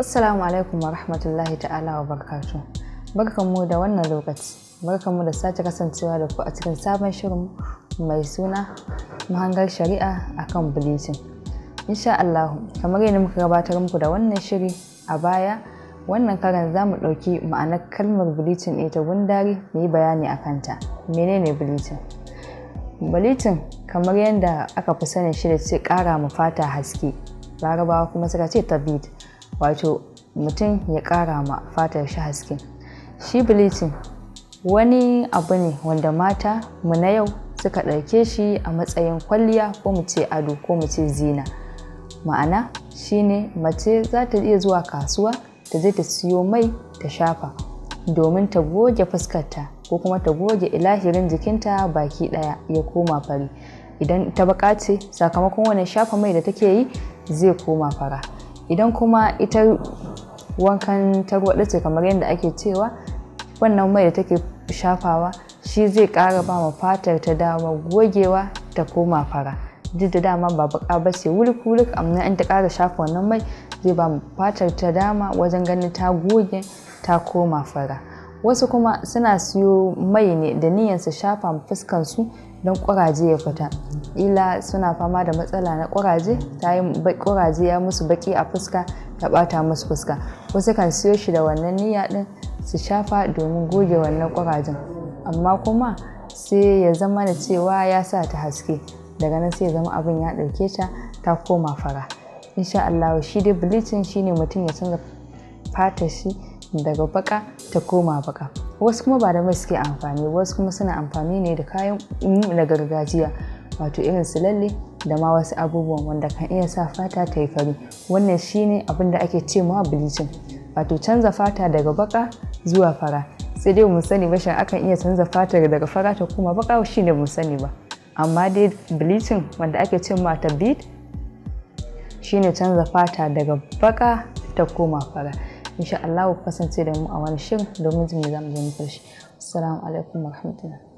Assalamu alaikum wa rahmatullahi ta'ala wa barkatu. Barkanmu da wannan lokaci, mu da sace kasancewa da ku a cikin sabon shirin mai suna mahangar shari'a akan bleaching. Insha Allah, kamar yadda muka gabatar muku da wannan shiri a baya, wannan karan za mu ɗauki ma'anar kalmar bleaching ne ta gundari mu yi bayani a kanta. Menene bleaching? Bleaching kamar yadda aka fi sanin shi da ce ƙara mu fata haske, larabawa kuma suka ce tabid. wato mutum ya kara ma fatar shi haske shi bleaching wani abu ne wanda mata mu na yau suka ɗauke shi a matsayin kwalliya ko mu ce ado ko mu ce zina ma'ana shi ne mace za ta iya zuwa kasuwa ta je ta siyo mai ta shafa domin ta goge fuskarta ko kuma ta goge ilahirin jikinta baki ɗaya ya koma fari idan ta baka sakamakon wani shafa mai da take yi zai koma fara idan kuma ita wankan tarwaɗa ce kamar yadda ake cewa wannan mai da take shafawa shi zai kara ba ma fatar ta dama gogewa ta koma fara duk da dama ba baka ba ce wulik-wulik amma in ta ƙara shafa wannan mai zai ba fatar ta dama wajen ganin ta goge ta koma fara wasu kuma suna siyo mai ne da niyyar su shafa fuskan su don ƙuraje ya fita ila suna fama da matsala na kuraje ta yi kuraje ya musu baki a fuska ta ɓata musu fuska wasu kan siyo shi da wannan niyya din su shafa domin goge wannan kurajen amma kuma sai ya zama da cewa ya sa ta haske daga nan sai ya zama abin ya ɗauke ta ta koma fara insha Allah shi dai bleaching shine mutum ya canza fata shi daga baka ta koma baka wasu kuma ba da mai suke amfani wasu kuma suna amfani ne da kayan mm, na gargajiya wato irin su lalle da ma wasu abubuwan wanda kan iya sa fata ta yi fari wannan shine abin da ake ce ma bleaching wato canza fata daga baka zuwa fara sai dai mu sani bashin akan iya canza fata daga fara ta kuma baka shine mu sani ba amma dai bleaching wanda ake ce ma ta bead shine canza fata daga baka ta koma fara insha Allah ku kasance da mu a wani shirin domin jin me zamu je mu karshe assalamu alaikum warahmatullahi